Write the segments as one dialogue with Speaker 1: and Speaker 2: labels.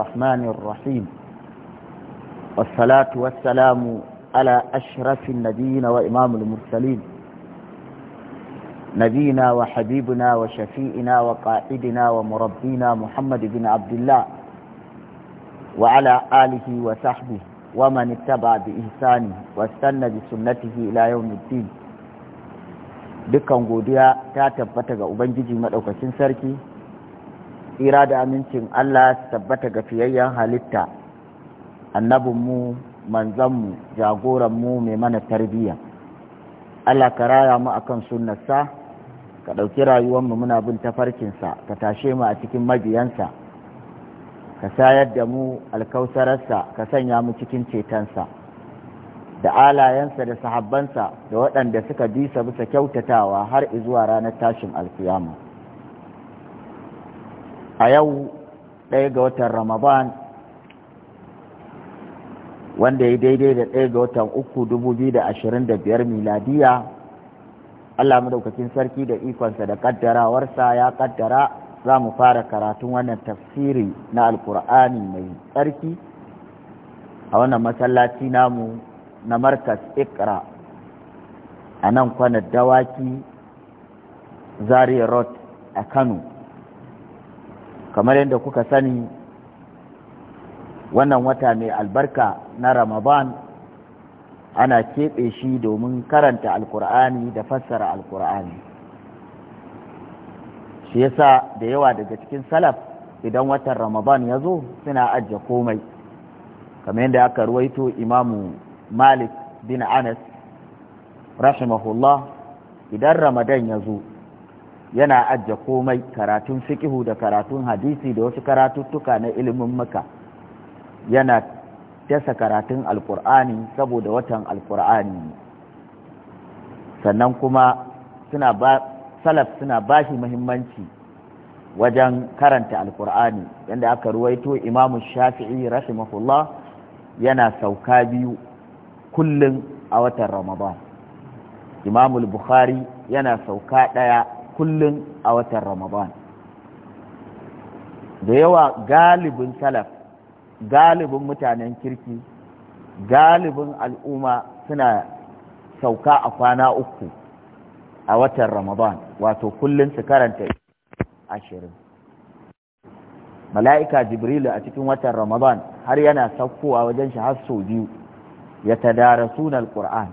Speaker 1: الرحمن الرحيم والصلاة والسلام على أشرف النبيين وإمام المرسلين نبينا وحبيبنا وشفيئنا وقائدنا ومربينا محمد بن عبد الله وعلى آله وصحبه ومن اتبع بإحسانه واستنى بسنته إلى يوم الدين dukkan godiya ta tabbata ga Ubangiji Maɗaukacin Sarki tsira da amincin Allah tabbata ga fiyayyen halitta annabinmu manzanmu jagoranmu mai mana tarbiyya Allah ka raya mu akan sunnarsa ka ɗauki rayuwanmu muna bin tafarkinsa ka tashe mu a cikin mabiyansa ka sayar da mu alkausararsa ka sanya mu cikin cetonsa da alayensa da sahabbansa da waɗanda suka bisa bisa kyautatawa har izuwa ranar tashin alkiyama a yau ɗaya ga watan ramadan wanda ya daidai da ɗaya ga watan uku dubu biyu da ashirin da biyar miladiya allah madaukakin sarki da ikonsa da kaddarawarsa ya kaddara za mu fara karatun wannan tafsiri na alkur'ani mai tsarki a wannan masallaci namu na markas ikra a nan kwanar dawaki zaria road a kano kamar yadda kuka sani wannan wata mai albarka na ramadan ana keɓe shi domin karanta alkur'ani da fassara alkur'ani shi yasa da yawa daga cikin salaf idan watan ramadan ya zo suna ajiye komai kamar yadda aka ruwaito imamu malik bin anas rahimahullah idan ramadan ya zo yana ajje komai karatun fiqihu da karatun hadisi da wasu karatuttuka na ilimin maka yana dasa karatun alkur'ani saboda watan alkur'ani sannan kuma suna ba salaf suna ba shi muhimmanci wajen karanta alkur'ani yadda aka ruwaito imamu shafi'i rahimahullah yana sauka biyu kullum a watan ramadan imamu bukhari yana sauka ɗaya kullum a watan ramadan da yawa galibin salaf galibin mutanen kirki galibin al'umma suna sauka a kwana uku a watan ramadan wato kullum su karanta ashirin mala'ika jibrilu a cikin watan ramadan har yana saukowa wajen shi har sau biyu ya tadara sunan alƙur'an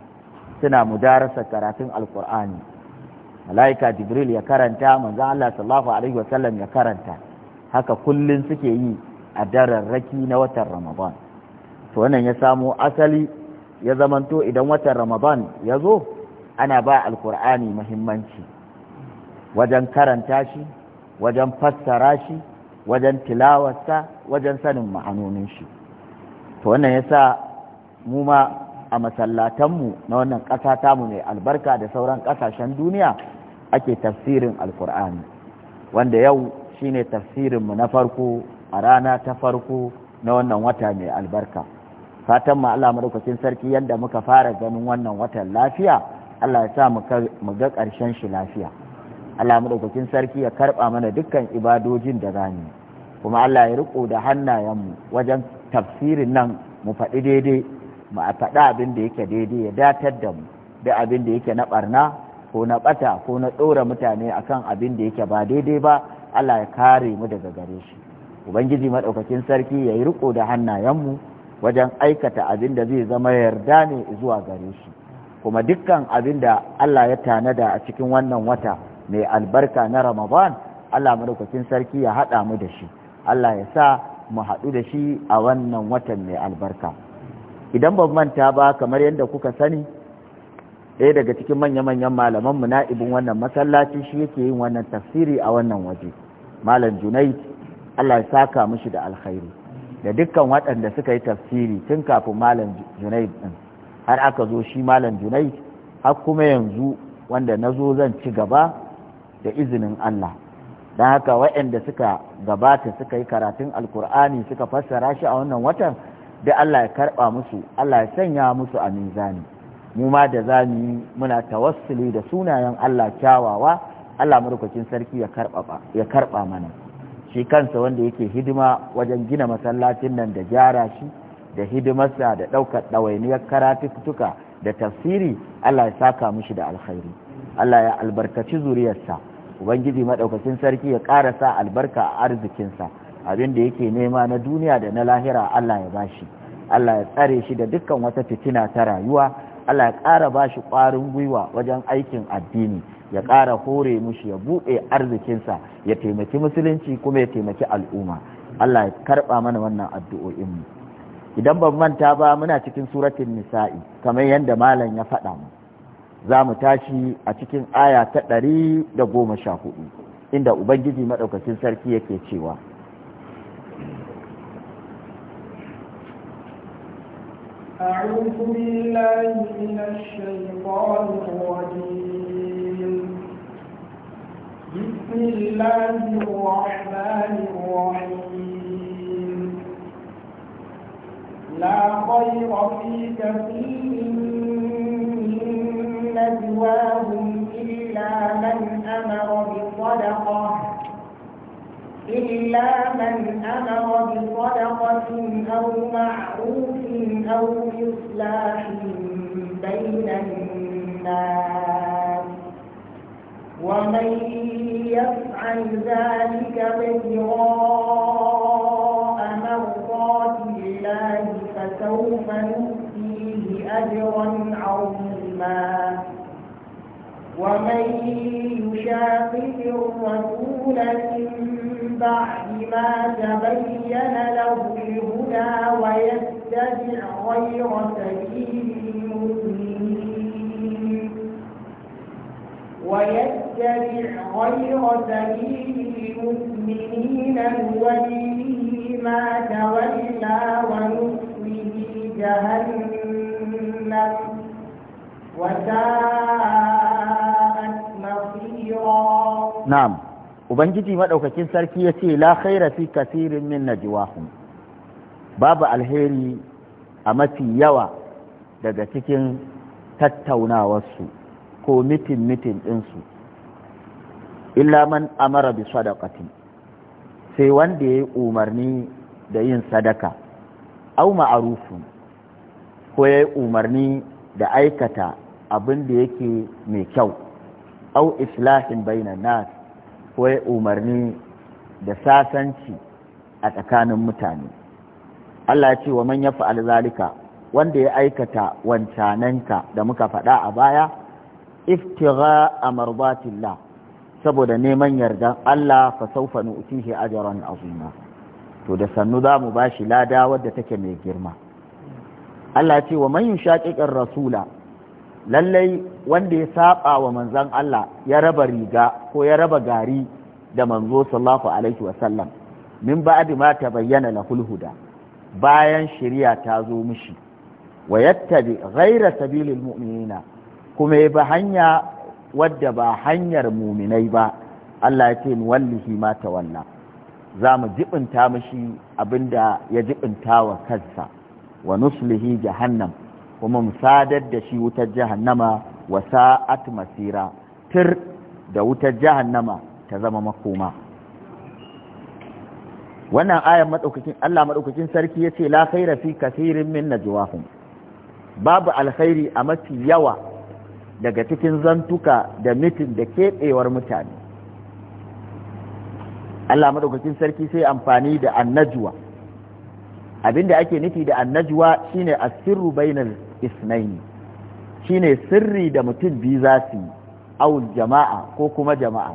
Speaker 1: suna mudarasa karatun alƙur'ani malaika jibril ya karanta manzo Allah sallallahu alaihi wasallam ya karanta haka kullun suke yi a dararraki na watan ramadan to wannan ya samo asali ya zamanto idan watan ramadan ya zo ana ba alkur'ani muhimmanci wajen karanta shi wajen fassara shi wajen tilawarsa wajen sanin ma'anonin shi to wannan ya sa mu ma a masallatanmu na wannan ƙasa tamu mai albarka da sauran ƙasashen duniya ake tafsirin alkur'ani wanda yau shine tafsirinmu na farko a rana ta farko na wannan wata mai albarka fatan ma Allah madaukakin sarki yadda muka fara ganin wannan watan lafiya Allah ya sa mu ga ƙarshen shi lafiya Allah madaukakin sarki ya karɓa mana dukkan ibadojin da zamu kuma Allah ya riko da hannayenmu wajen tafsirin nan mu faɗi daidai mu a faɗa abin da yake daidai ya datar da mu da abin da yake na ɓarna ko na ɓata ko na ɗora mutane akan abin da yake ba daidai ba Allah ya kare mu daga gare shi ubangiji maɗaukakin sarki ya yi riko da hannayenmu wajen aikata abin da zai zama yarda ne zuwa gare shi kuma dukkan abin da Allah ya tanada a cikin wannan wata mai albarka na Ramadan Allah maɗaukakin sarki ya haɗa mu da shi Allah ya sa mu haɗu da shi a wannan watan mai albarka idan ban manta ba kamar yadda kuka sani ɗaya daga cikin manya-manyan malaman mu na'ibin wannan masallaci shi yake yin wannan tafsiri a wannan waje malam junaid Allah ya saka mishi da alkhairi da dukkan waɗanda suka yi tafsiri tun kafin malam junaid din har aka zo shi malam junaid har kuma yanzu wanda na zo zan ci gaba da izinin Allah don haka waɗanda suka gabata suka yi karatun alkur'ani suka fassara shi a wannan watan da Allah ya karɓa musu Allah ya sanya musu a mizani mu ma da za mu yi muna tawassuli da sunayen Allah kyawawa Allah madaukakin sarki ya karɓa mana shi kansa wanda yake hidima wajen gina masallacin nan da gyara shi da hidimarsa da ɗaukar ɗawainiyar karatuttuka da tafsiri Allah ya saka mishi da alkhairi Allah ya albarkaci zuriyarsa ubangiji madaukakin sarki ya ƙara sa albarka a arzikinsa abin da yake nema na duniya da na lahira Allah ya bashi Allah ya tsare shi da dukkan wata fitina ta rayuwa Allah ya ƙara ba shi ƙwarin gwiwa wajen aikin addini ya ƙara hore mushi ya buɗe arzikinsa ya taimaki musulunci kuma ya taimaki al'umma Allah ya karɓa mana wannan addu'o'in mu idan ban manta ba muna cikin suratul nisa'i kamar yadda malam ya faɗa mu za mu tashi a cikin aya ta ɗari da goma sha hudu inda ubangiji maɗaukacin sarki yake cewa
Speaker 2: أعوذ بالله من الشيطان الرجيم بسم الله الرحمن الرحيم لا خير في كثير من نجواهم إلا من أمر بصدقه إلا من أمر بصدقة أو معروف أو إصلاح بين الناس ومن يفعل ذلك ابتغاء مرضات الله فسوف نؤتيه أجرا عظيما ومن يشاقق الرسول من بعد ما تبين له الهدى ويتبع غير سبيل المؤمنين ويتبع غير سبيل المؤمنين نوليه ما تولى ونصله جهنم وساءت مصيرا
Speaker 1: نعم ubangiji maɗaukakin sarki ya ce la khaira fi kasirin min najwahum babu alheri a mafi yawa daga cikin tattaunawarsu ko mitin mitin ɗinsu illa man amara bi sadaqatin sai wanda ya yi umarni da yin sadaka au ma'arufu ko ya yi umarni da aikata abin da yake mai kyau au islahin bainan nas ko ya umarni da sasanci a tsakanin mutane Allah ya ce wa man ya zalika wanda ya aikata wancananka da muka faɗa a baya iftira a marbatillah saboda neman yardan Allah fa saufa nu'tihi ajran azima to da sannu za mu bashi lada wadda take mai girma Allah ya ce wa man yushaqiqir rasula lallai wanda ya saba wa manzon Allah ya raba riga ko ya raba gari da manzo sallallahu alaihi wasallam min ba'di ma bayyana lahul huda bayan shari'a ta zo mishi wa yattabi ghaira sabilil mu'minina kuma ya ba hanya wadda ba hanyar muminai ba Allah ya ce wallahi ma wannan. za mu jibinta mishi abinda ya jibinta wa kansa wa nuslihi jahannam kuma mu sadar da shi wutar jahannama wa sa'at masira tir da wutar jahannama ta zama makoma wannan ayan madaukakin Allah madaukakin sarki yace la khaira fi kathirin min najwahum babu alkhairi a mafi yawa daga cikin zantuka da mitin da keɓewar mutane Allah madaukakin sarki sai amfani da annajwa abinda ake nufi da annajwa shine asirru bainal isnaini shine sirri da mutum biyu za su yi awul jama'a ko kuma jama'a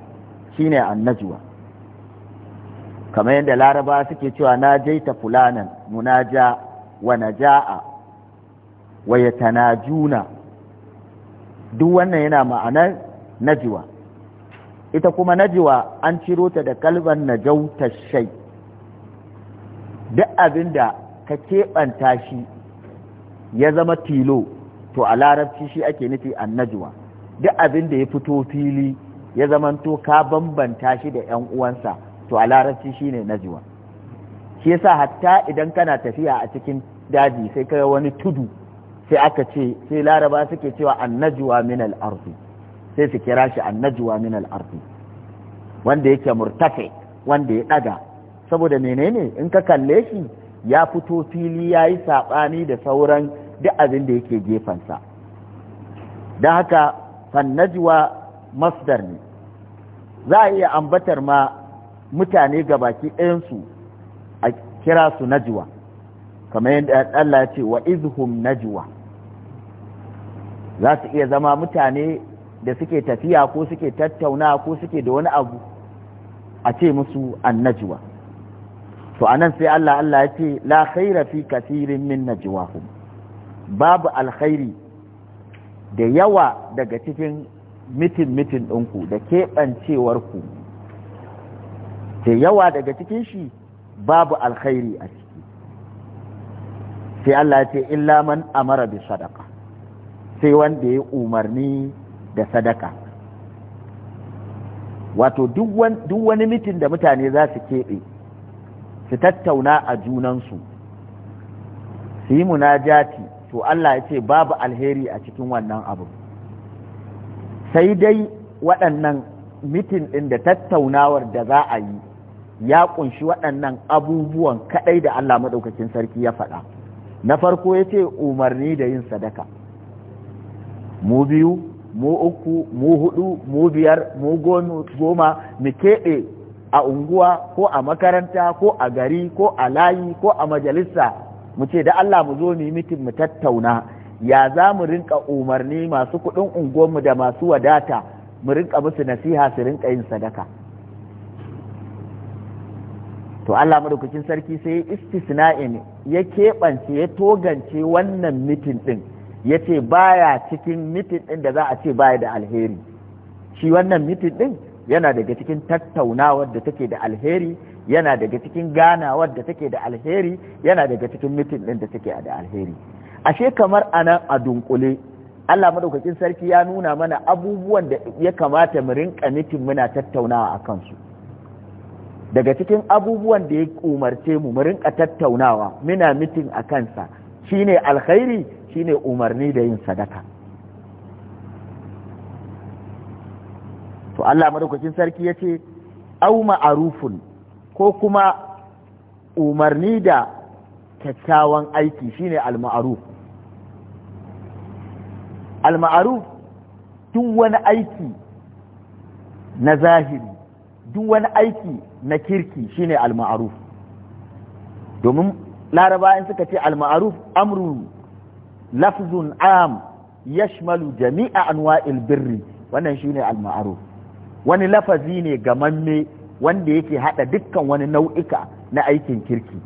Speaker 1: shine annajuwa kamar yadda laraba suke cewa na je jaita fulanan munaja wa naja'a wa yatanajuna duk wannan yana ma'anar najwa ita kuma najwa an ciro ta da kalban jauta shai duk abinda ka keɓanta shi ya zama tilo to a larabci shi ake nufi annajwa duk abin da ya fito fili ya zamanto ka bambanta shi da ‘yan uwansa to a larabci shi ne najwa shi yasa hatta idan kana tafiya a cikin daji sai kai wani tudu sai aka ce sai laraba suke cewa annajwa min al-ardi sai su kira shi annajwa min al-ardi wanda yake murtafi wanda ya daga saboda menene in ka kalle shi ya fito fili yayi sabani da sauran duk abin da yake gefansa da haka fannajwa masdar ne za a iya ambatar ma mutane ga gabaki ɗayansu a kira su najwa kamar yadda Allah ya ce wa izhum najwa za su iya zama mutane da suke tafiya ko suke tattauna ko suke da wani abu a ce musu annajwa to anan sai Allah Allah ya ce la khaira fi kathirin min najwahum babu alkhairi da yawa daga cikin mitin-mitin ɗinku da keɓancewarku da yawa daga cikin shi babu alkhairi a ciki sai Allah ce illa man amara bi sadaka sai wanda ya umarni da sadaka wato duk wani mitin da mutane za su keɓe su tattauna a junansu su yi munajati to Allah ya ce babu alheri a cikin wannan abu sai dai waɗannan mitin ɗin da tattaunawar da za a yi ya ƙunshi waɗannan abubuwan kaɗai da Allah maɗaukakin sarki ya faɗa na farko ya ce umarni da yin sadaka mu biyu mu uku mu hudu mu biyar mu goma mu keɓe a unguwa ko a makaranta ko a gari ko a layi ko a majalisa mu ce da Allah mu zo mu yi mitin mu tattauna ya za mu rinka umarni masu kuɗin unguwarmu da masu wadata mu rinka musu nasiha su rinka yin sadaka to Allah madaukakin sarki sai istisna'in ya keɓance ya togance wannan mitin ɗin ya ce baya cikin mitin ɗin da za a ce baya da alheri shi wannan mitin ɗin yana daga cikin tattaunawar da take da alheri yana daga cikin ganawar da take da alheri yana daga cikin mitin ɗin da take da alheri ashe kamar a nan a dunkule Allah madaukakin sarki ya nuna mana abubuwan da ya kamata mu rinka mitin muna tattaunawa a kansu daga cikin abubuwan da ya umarce mu mu rinka tattaunawa muna mitin a kansa shine alkhairi shine umarni da yin sadaka to Allah madaukakin sarki ya ce au ma'arufun ko kuma umarni da kyakkyawan aiki shine al-ma'ruf al-ma'ruf duk wani aiki na zahiri duk wani aiki na kirki shine al-ma'ruf domin laraba in suka ce al-ma'ruf amrun lafzun am yashmalu jami'a anwa'il birri wannan shine al-ma'ruf wani lafazi ne mamme. wanda yake hada dukkan wani nau'ika na aikin kirki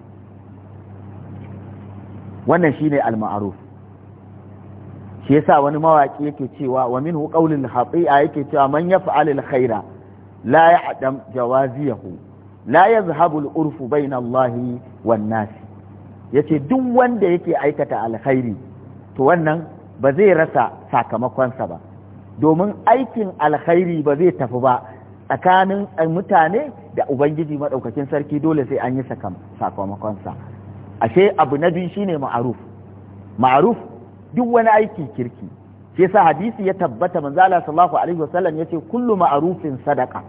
Speaker 1: wannan shine al-ma'ruf shi yasa wani mawaki yake cewa wa minhu qawlul khati'a yake cewa man yaf'al al-khaira la ya'dam jawaziyahu la yazhabu al-urfu bayna Allah wan nas yace duk wanda yake aikata alkhairi to wannan ba zai rasa sakamakonsa ba domin aikin alkhairi ba zai tafi ba tsakanin eh, mutane da ubangiji maɗaukakin sarki dole sai an yi sakamakonsa ashe abu na biyu shine ma'aruf ma'aruf duk wani aiki kirki Ke sa hadisi ya tabbata Manzala alaihi wasallam yace kullu ma'arufin sadaka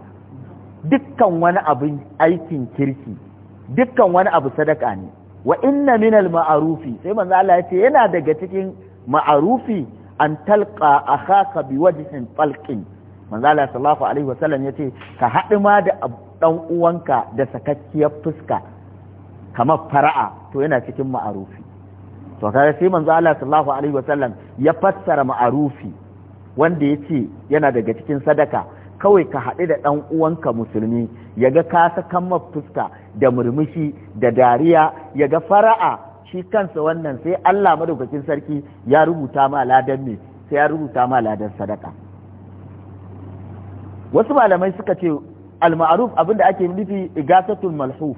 Speaker 1: dukkan wani abu aikin kirki dukkan wani abu sadaka ne wa inna minal ma'arufi sai Manzala Allah ce yana daga cikin ma'arufi an talqa akhaka biwajhin falqin manzala sallallahu alaihi wasallam ya ce ka haɗu ma da ɗan uwanka da sakakkiyar fuska kamar fara'a to yana cikin ma'arufi to kaga sai manzo sallallahu alaihi wasallam ya fassara ma'arufi wanda ya ce yana daga cikin sadaka kawai ka haɗu da ɗan uwanka musulmi ya ga ka sakan fuska da murmushi da dariya ya ga fara'a shi kansa wannan sai Allah madaukakin sarki ya rubuta ma ladan ne sai ya rubuta ma ladan sadaka wasu malamai suka ce al-ma'ruf abinda ake nufi igasatul malhuf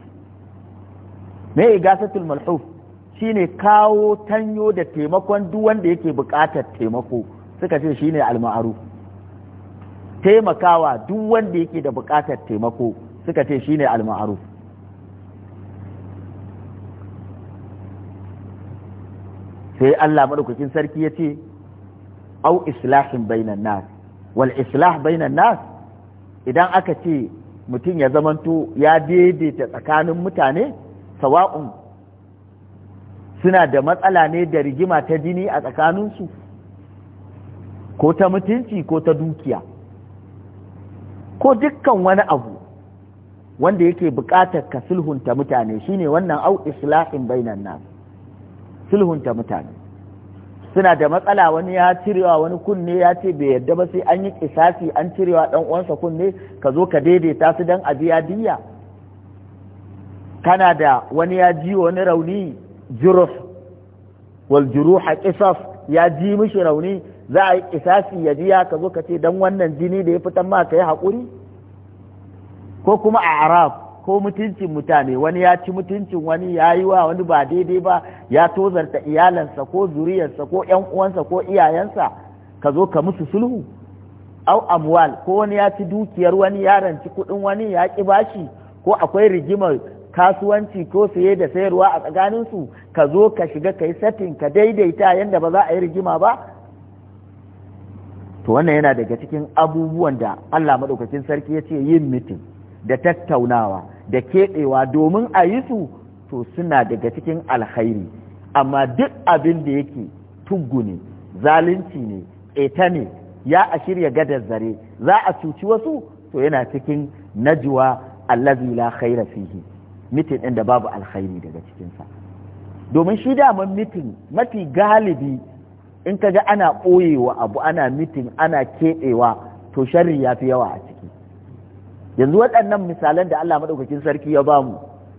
Speaker 1: me igasatul malhuf shine kawo tanyo da taimakon duk wanda yake buƙatar taimako suka ce shine al-ma'ruf taimakawa duk wanda yake da buƙatar taimako suka ce shine al-ma'ruf sai Allah madaukakin sarki ya ce au islahin bainan nas wal islah bainan nas idan aka ce mutum ya zamanto ya daidaita tsakanin mutane sawa'un suna da matsala ne da rigima ta jini a tsakaninsu ko ta mutunci ko ta dukiya ko dukkan wani abu wanda yake buƙatar ka sulhunta mutane shine wannan au islahin bainan nas sulhunta mutane suna da matsala wani ya cirewa wani kunne ya ce bai yarda ba sai an yi kisasi an cirewa ɗan uwansa kunne ka zo ka daidaita su dan a biya diya kana da wani ya ji wani rauni juruf wal juruha qisas ya ji mishi rauni za a yi kisasi ya biya ka zo ka ce dan wannan jini da ya fitan ma ka yi haƙuri ko kuma a arab ko mutuncin mutane wani ya ci mutuncin wani ya yi wa wani ba daidai ba ya tozarta iyalansa ko zuriyarsa ko yan uwansa ko iyayensa ka zo ka musu sulhu au amwal ko wani ya ci dukiyar wani ya ranci kuɗin wani ya ƙi bashi ko akwai rigimar kasuwanci ko saye da sayarwa a tsakaninsu ka zo ka shiga ka yi setting ka daidaita yadda ba za a yi rigima ba to wannan yana daga cikin abubuwan da Allah maɗaukakin sarki ya ce yin mitin da tattaunawa da keɗewa domin a yi su to suna daga cikin alkhairi amma duk abin da yake tuggu ne zalunci ne ƙeta ne ya a shirya gadar zare za a cuci wasu to yana cikin najuwa allazi la khaira fihi mitin ɗin da babu alkhairi daga cikinsa domin shi daman mitin mafi galibi in kaga ana ɓoyewa abu ana mitin ana keɗewa to sharri ya fi yawa a ciki yanzu waɗannan misalan da Allah maɗaukakin sarki ya ba mu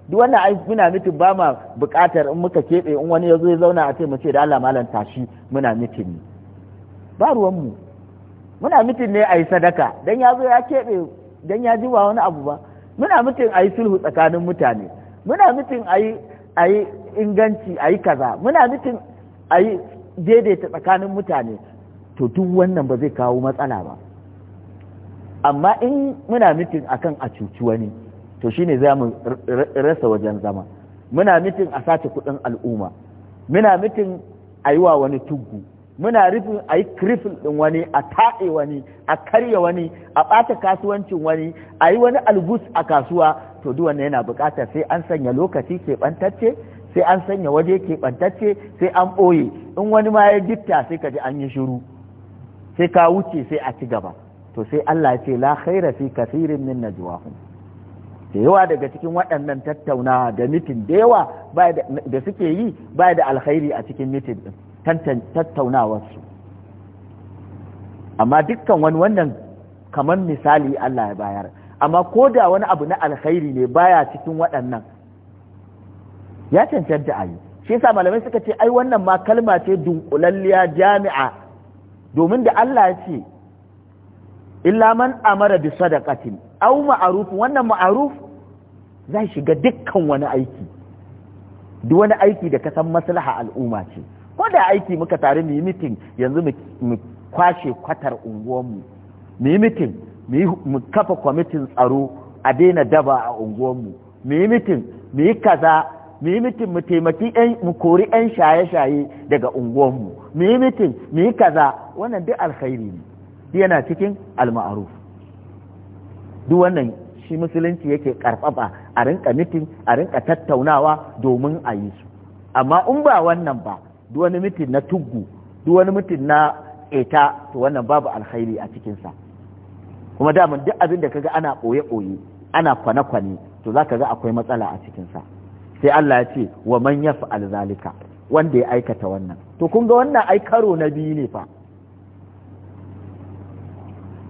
Speaker 1: duk wannan ai muna mitin ba ma buƙatar in muka keɓe in wani ya zo ya zauna a ce mu ce da Allah malan tashi muna mitin ne ba ruwan mu muna mitin ne a yi sadaka dan ya zo ya keɓe dan ya ji ba wani abu ba muna mitin a yi sulhu tsakanin mutane muna mitin a yi inganci a yi kaza muna mitin a yi daidaita tsakanin mutane to duk wannan ba zai kawo matsala ba amma in muna mitin akan a cuci wani to shine za mu rasa wajen zama muna mitin a sace kudin al'umma muna mitin a yi wa wani tugu, muna rufin a yi kirifin ɗin wani a taɗe wani a karya wani a ɓata kasuwancin wani a yi wani albus a kasuwa to duk wannan yana buƙatar sai an sanya lokaci keɓantacce sai an sanya waje keɓantacce sai an ɓoye in wani ma ya gitta sai ka ji an yi shiru sai ka wuce sai a ci gaba to sai Allah ya ce la khaira fi kathirin min najwahum da yawa daga cikin waɗannan tattaunawa da mitin da yawa da suke yi ba da alkhairi a cikin mitin din tattaunawarsu amma dukkan wani wannan kamar misali Allah ya bayar amma ko da wani abu na alkhairi ne baya cikin waɗannan ya cancanta a yi shi yasa malamai suka ce ai wannan ma kalma ce dunkulalliya jami'a domin da Allah ya ce illa man amara bi sadaqatin aw ma'ruf wannan ma'ruf zai shiga dukkan wani aiki duk wani aiki da ka san maslaha al'umma ce ko da aiki muka tare mu yi meeting yanzu mu kwashe kwatar unguwanmu mu yi meeting mu kafa kwamitin tsaro a daina daba a unguwanmu mu yi mitin mu yi kaza mu yi mitin mu taimaki mu kori 'yan shaye-shaye daga unguwanmu mu yi mitin mu yi kaza wannan duk alkhairi ne yana cikin alma'aruf duk wannan shi musulunci yake karfafa a rinka mitin a rinka tattaunawa domin a yi su amma in ba wannan ba duk wani mitin na tuggu duk wani mitin na eta to wannan babu alkhairi a cikinsa kuma daman duk abin da kaga ana ɓoye-ɓoye ana kwane-kwane to za ka ga akwai matsala a cikinsa sai Allah ya ce wa man yaf'al zalika wanda ya aikata wannan to kun ga wannan ai karo na biyu ne fa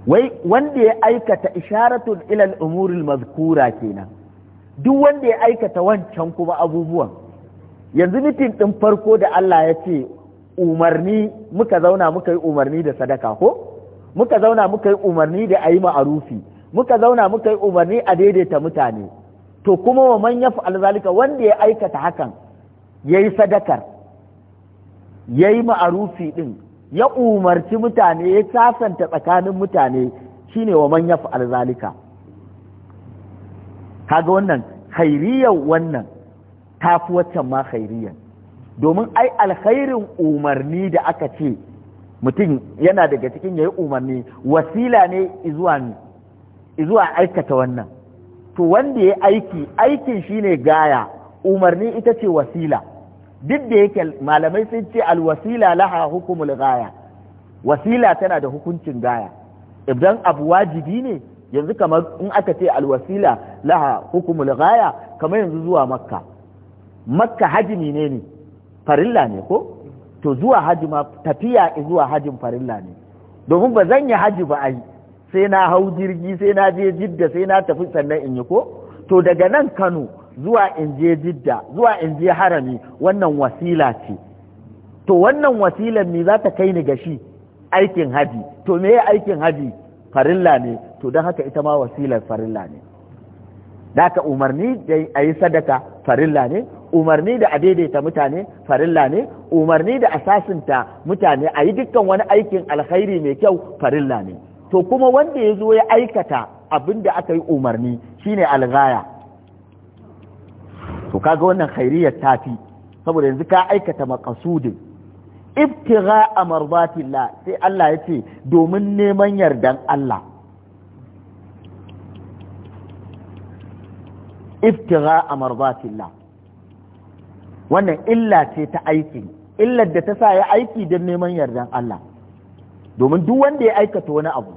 Speaker 1: wai wanda ya aikata isharatun ilal umuril mazkura kenan duk wanda ya aikata wancan kuma abubuwan yanzu mitin ɗin farko da Allah ya ce umarni muka zauna muka yi umarni da sadaka ko muka zauna muka yi umarni da ayi ma'arufi muka zauna muka yi umarni a daidaita mutane to kuma wa man yaf'al zalika wanda ya aikata hakan yayi sadakar yayi ma'arufi din ya umarci mutane ya sasanta tsakanin mutane shine wa manya yaf'al zalika kaga wannan khairiyar wannan tafi waccan ma khairiyar domin ai alkhairin umarni da aka ce mutum yana daga cikin ya yi umarni wasila ne zuwa zuwa aikata wannan to wanda ya aiki aikin shine gaya umarni ita ce wasila duk da yake malamai sun ce alwasila laha hukumul gaya wasila tana da hukuncin gaya idan abu wajibi ne yanzu kamar in aka ce alwasila laha hukumul gaya kamar yanzu zuwa makka makka haji ne ne farilla ne ko to zuwa haji ma tafiya zuwa hajin farilla ne domin ba zan yi haji ba ai sai na hau jirgi sai na je jidda sai na tafi sannan in yi ko to daga nan kano zuwa in je jidda zuwa in je harami wannan wasila ce to wannan wasilan ne za ta kai ni ga shi aikin haji to me aikin haji farilla ne to don haka ita ma wasilar farilla ne da ka umarni da a yi sadaka farilla ne umarni da a daidaita mutane farilla ne umarni da asasinta mutane a yi dukkan wani aikin alkhairi mai kyau farilla ne to kuma wanda ya zo ya aikata abin da aka yi umarni shine algaya to kaga wannan khairiyar tafi saboda yanzu ka aikata maqasudin ibtigha amardatillah sai Allah ya domin neman yardan Allah ibtigha amardatillah wannan illa ce ta aiki illar da ta sa ya aiki don neman yardan Allah domin duk wanda ya aikata wani abu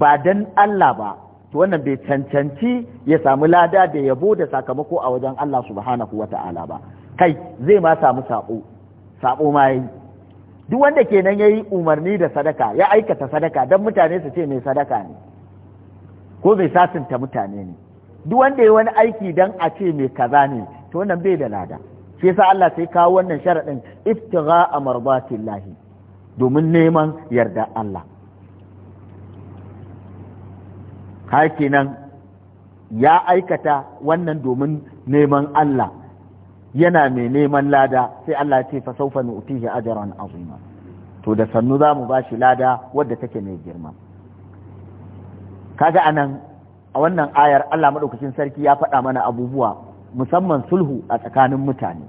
Speaker 1: ba dan Allah ba to wannan bai cancanci ya samu lada da yabo da sakamako a wajen Allah subhanahu wa ta'ala ba kai zai ma samu sabo sabo ma yi duk wanda kenan yayi umarni da sadaka ya aikata sadaka dan mutane su ce mai sadaka ne ko mai sasinta mutane ne duk wanda yayi wani aiki dan a ce mai kaza ne to wannan bai da lada shi yasa Allah sai kawo wannan sharadin iftigha amradatillahi domin neman yarda Allah haki nan ya aikata wannan domin neman Allah yana mai neman lada sai Allah ya ce fa sawfa nu'tihi ajran azima to da sannu za mu bashi lada wadda take mai girma kaga anan a wannan ayar Allah madaukakin sarki ya faɗa mana abubuwa musamman sulhu a tsakanin mutane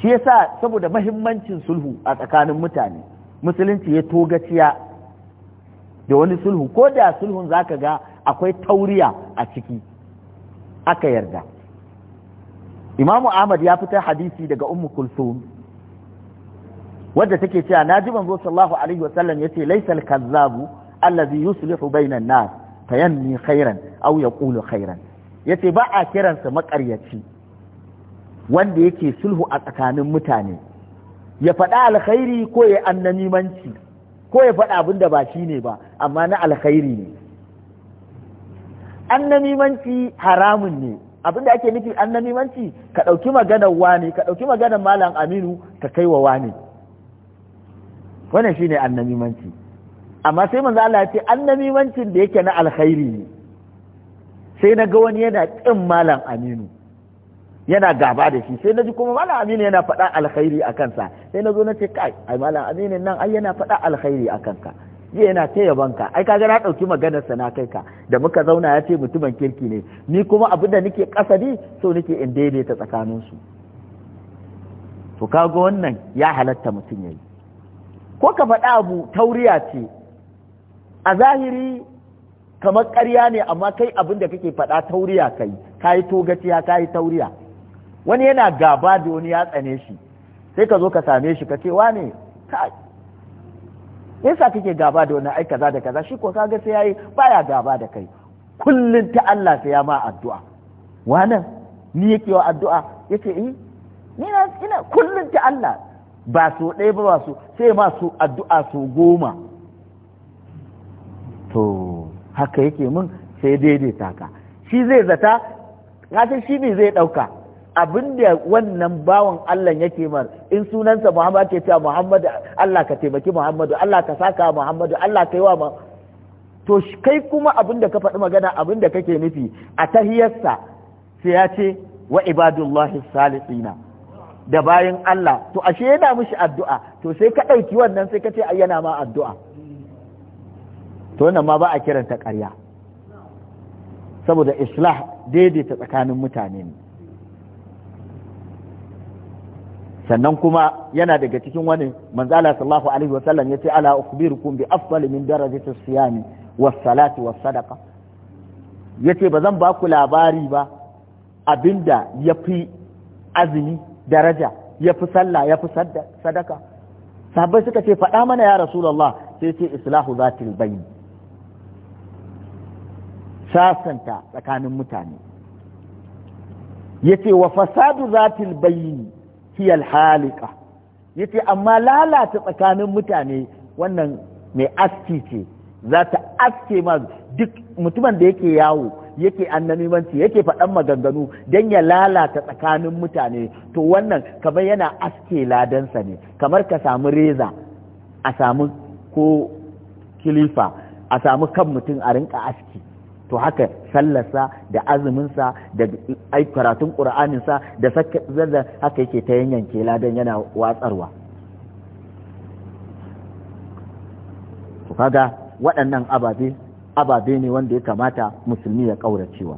Speaker 1: shi yasa saboda mahimmancin sulhu a tsakanin mutane musulunci ya togaciya da wani sulhu ko da sulhun ka ga akwai tauriya a ciki aka yarda imamu ahmad ya fitar hadisi daga ummu kulsum wadda take cewa naji manzo sallallahu alaihi wasallam yace laisal kazzabu allazi yuslihu bainan nas fayanni khairan aw yaqulu khairan yace ba a kiransa maƙaryaci wanda yake sulhu a tsakanin mutane ya faɗa alkhairi ko ya annamimanci ko ya faɗa abin da ba shi ne ba amma na alkhairi ne annamimanci haramun ne abin da ake nufi annamimanci ka ɗauki maganar wani ka ɗauki maganar malam aminu ka kai wa wani wannan shine annamimanci amma sai manzo Allah ya ce annamimancin da yake na alkhairi ne sai na ga wani yana ƙin malam aminu yana gaba da shi sai na ji kuma malam aminu yana faɗa alkhairi a kansa sai na zo na ce kai ai malam aminu nan ai yana faɗa alkhairi a kanka ji yana ta ka ai kaga na ɗauki maganar sa na kai ka da muka zauna ya ce mutumin kirki ne ni kuma abin da nake kasadi so nake in daidaita tsakanin su to kaga wannan ya halatta mutum yayi ko ka faɗa abu tauriya ce a zahiri kamar ƙarya ne amma kai abin da kake faɗa tauriya kai kayi togaciya kayi tauriya wani yana gaba da wani ya tsane shi sai ka zo ka same shi ka ce ne kai yasa kake gaba da wani ai kaza da kaza shi ko kaga sai yayi baya gaba da kai kullun ta Allah sai ya ma addu'a wannan ni yake wa addu'a yace eh ni na ina kullun ta Allah ba so ɗaya ba ba so sai ma so addu'a so goma to haka yake mun sai daidaita ka shi zai zata kasan shi ne zai ɗauka Abin da wannan bawan Allah yake mar in sunansa Muhammad ke cewa Muhammadu Allah ka taimaki Muhammadu Allah ka saka Muhammadu Allah ka yi wa to kai kuma abin da ka faɗi magana abin abinda kake nufi a tahiyarsa sai ya ce wa ibadullahi salisina da bayan Allah to ashe yana mishi addu'a to sai ka ɗauki wannan sai ka ce yana ma addu'a to wannan ma ba a kiranta ƙarya saboda islah daidaita tsakanin mutane ne sannan kuma yana daga cikin wani manzala sallallahu alaihi wasallam yace ala ukhbirukum bi afdali min darajati siyami was salati was sadaqa yace ba zan ba ku labari ba abinda yafi azumi daraja yafi sallah yafi sadaka sahabbai suka ce faɗa mana ya rasulullah sai ce islahu zatil bayn sasanta tsakanin mutane yace wa fasadu zatil bayni hiyal halika yace amma lalata tsakanin mutane wannan mai aski ce za ta aske ma duk mutumin da yake yawo yake annamimanci yake faɗan maganganu don ya lalata tsakanin mutane to wannan kamar yana aske ladansa ne kamar ka samu reza a samu ko kilifa a samu kan mutum a rinka aski to haka sallarsa da azuminsa da karatun ƙur'aninsa da zarzar haka yake ta yanyan kela ladan yana watsarwa to kaga waɗannan ababe ne wanda ya kamata musulmi ya ƙaura cewa,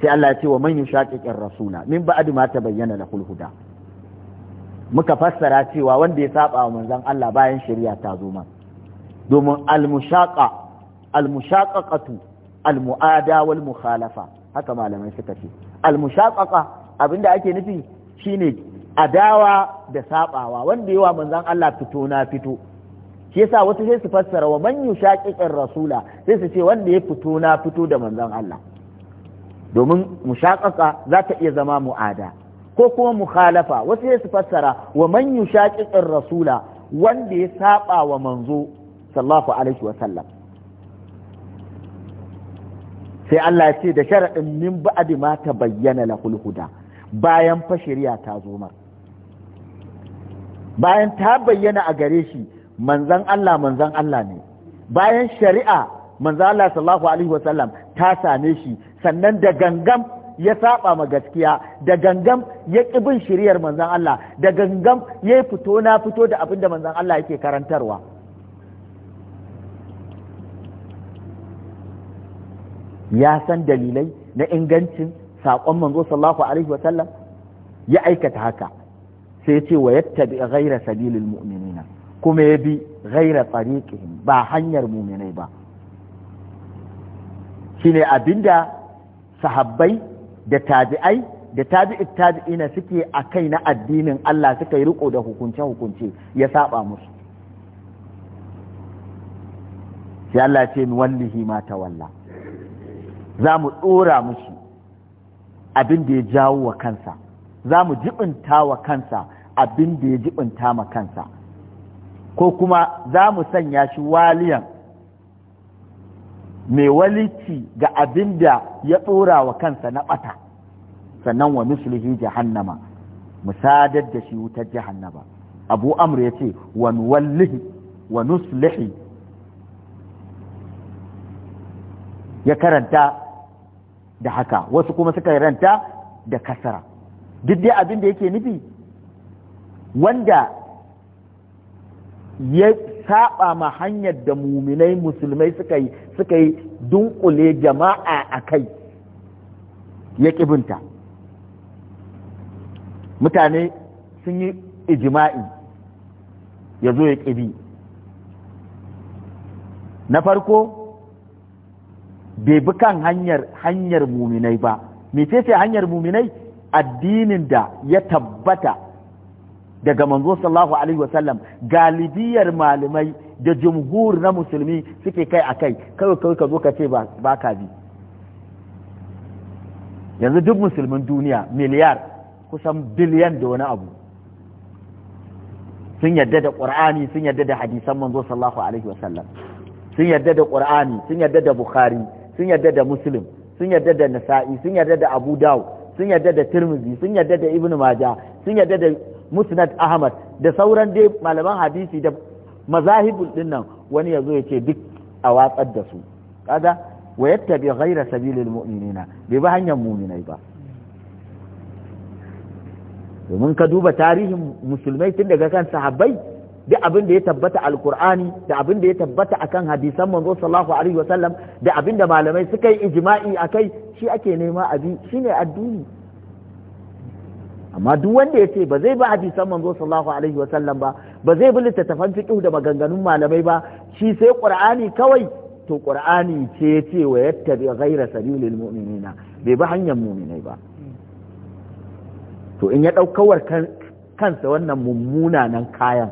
Speaker 1: sai Allah ya ce wa manyan shaƙiƙin rasula min ba'di ma bayyana lahul huda muka fassara cewa wanda ya saba wa manzon Allah bayan shari'a ta zo ma domin al-mushaqa al-mushaqaqatu al-mu'ada wal mukhalafa haka malamai suka ce al-mushaqaqa abinda ake nufi shine adawa da sabawa wanda yawa manzon Allah fito na fito shi yasa wasu sai su fassara wa man yushaqiqir rasula sai su ce wanda ya fito na fito da manzon Allah domin mushaqaqa za ta iya zama mu'ada ko kuma mukhalafa wasu sai su fassara wa man yushaqiqir rasula wanda ya saba wa manzo sallallahu alaihi Wasallam. sai Allah ya ce da sharaɗin min ba'di ma ta bayyana lahul huda bayan fa shari'a ta zo ma bayan ta bayyana a gare shi manzan Allah manzan Allah ne bayan shari'a manzan Allah sallallahu alaihi sallam ta same shi sannan da gangan ya saba ma gaskiya da gangan ya ƙi bin shiriyar manzan Allah da gangam ya fito na fito da abinda da manzan Allah yake karantarwa ya san dalilai na ingancin saƙon manzo sallallahu alaihi wa sallam ya aikata haka sai ya ce wa yattabi ghaira sabilil mu'minina kuma ya bi ghaira tariqihim ba hanyar mu'minai ba shine abinda sahabbai da tabi'ai da tabi'it tabi'ina suke a kai na addinin Allah suka yi riko da hukunce hukunce ya saba musu sai Allah ya ce wallahi ma tawalla za mu ɗora mushi abin da ya jawo wa kansa za mu jibinta wa kansa abin da ya jibinta ma kansa ko kuma za mu sanya shi waliyan mai walici ga abin da ya ɗora wa kansa na ɓata sannan wa nuslihi jahannama mu sadar da shi wutar jahannama abu amr ya ce wa nuwallihi wa nuslihi ya karanta da haka wasu kuma suka ranta da kasara duk dai abin da yake nufi wanda ya saba ma hanyar da muminai musulmai suka yi suka yi dunkule jama'a a kai ya ƙibinta mutane sun yi ijima'i ya zo ya ƙibi na farko bai bi kan hanyar hanyar muminai ba mece ce hanyar muminai addinin da ya tabbata daga manzo sallallahu alaihi wasallam galibiyar malamai da jumhur na musulmi suke kai a kai kawai kawai ka zo ka ce ba ka bi yanzu duk musulmin duniya miliyar kusan biliyan da wani abu sun yadda da ƙur'ani sun yadda da hadisan manzo sallallahu alaihi wasallam sun yarda da ƙur'ani sun yadda da bukhari sun yarda da muslim sun yarda da nasa'i sun yarda da abu dawo sun yarda da tirmizi sun yarda da ibn maja sun yarda da musnad ahmad da sauran dai malaman hadisi da mazahibul dinnan wani yazo ya ce duk a watsar da su kaga wa yattabi ghayra sabilil mu'minina bai ba hanyar mu'minai ba domin ka duba tarihin musulmai tun daga kan sahabbai Da abin da ya tabbata alkur'ani da abin da ya tabbata akan hadisan manzo sallallahu alaihi wasallam da abin da malamai suka yi ijma'i akai shi ake nema abi shine addini amma duk wanda ya ce ba zai bi hadisan manzo sallallahu alaihi wasallam ba ba zai bi littattafan fiqh da maganganun malamai ba shi sai qur'ani kawai to qur'ani ce yace ce wa yattabi ghaira sabilil mu'minina bai bi hanyar mu'minai ba to in ya ɗaukawar kansa wannan mummuna nan kayan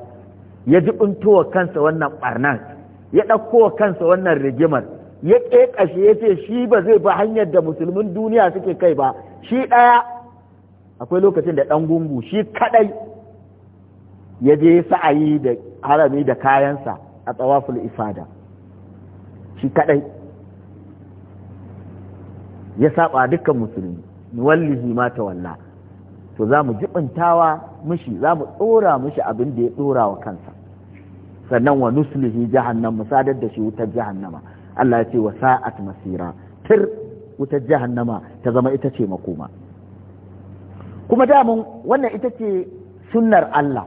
Speaker 1: ya ji wa kansa wannan barnan ya ɗaukowa kansa wannan rigimar ya ƙeƙashe ya ce shi ba zai ba hanyar da musulmin duniya suke kai ba shi ɗaya akwai lokacin da ɗan gungu shi kaɗai ya je sa'ayi da harami da kayansa a tsawaful ifada shi kaɗai ya saba dukkan musulmi wallihi ma ta wallah to za mu jibintawa mishi za mu tsora mishi abin da ya dora wa kansa sannan wa nuslihi jahannam mu sadar da shi wutar jahannama Allah ya ce wa sa'at masira tir wutar jahannama ta zama ita ce makoma kuma damun wannan ita ce sunnar Allah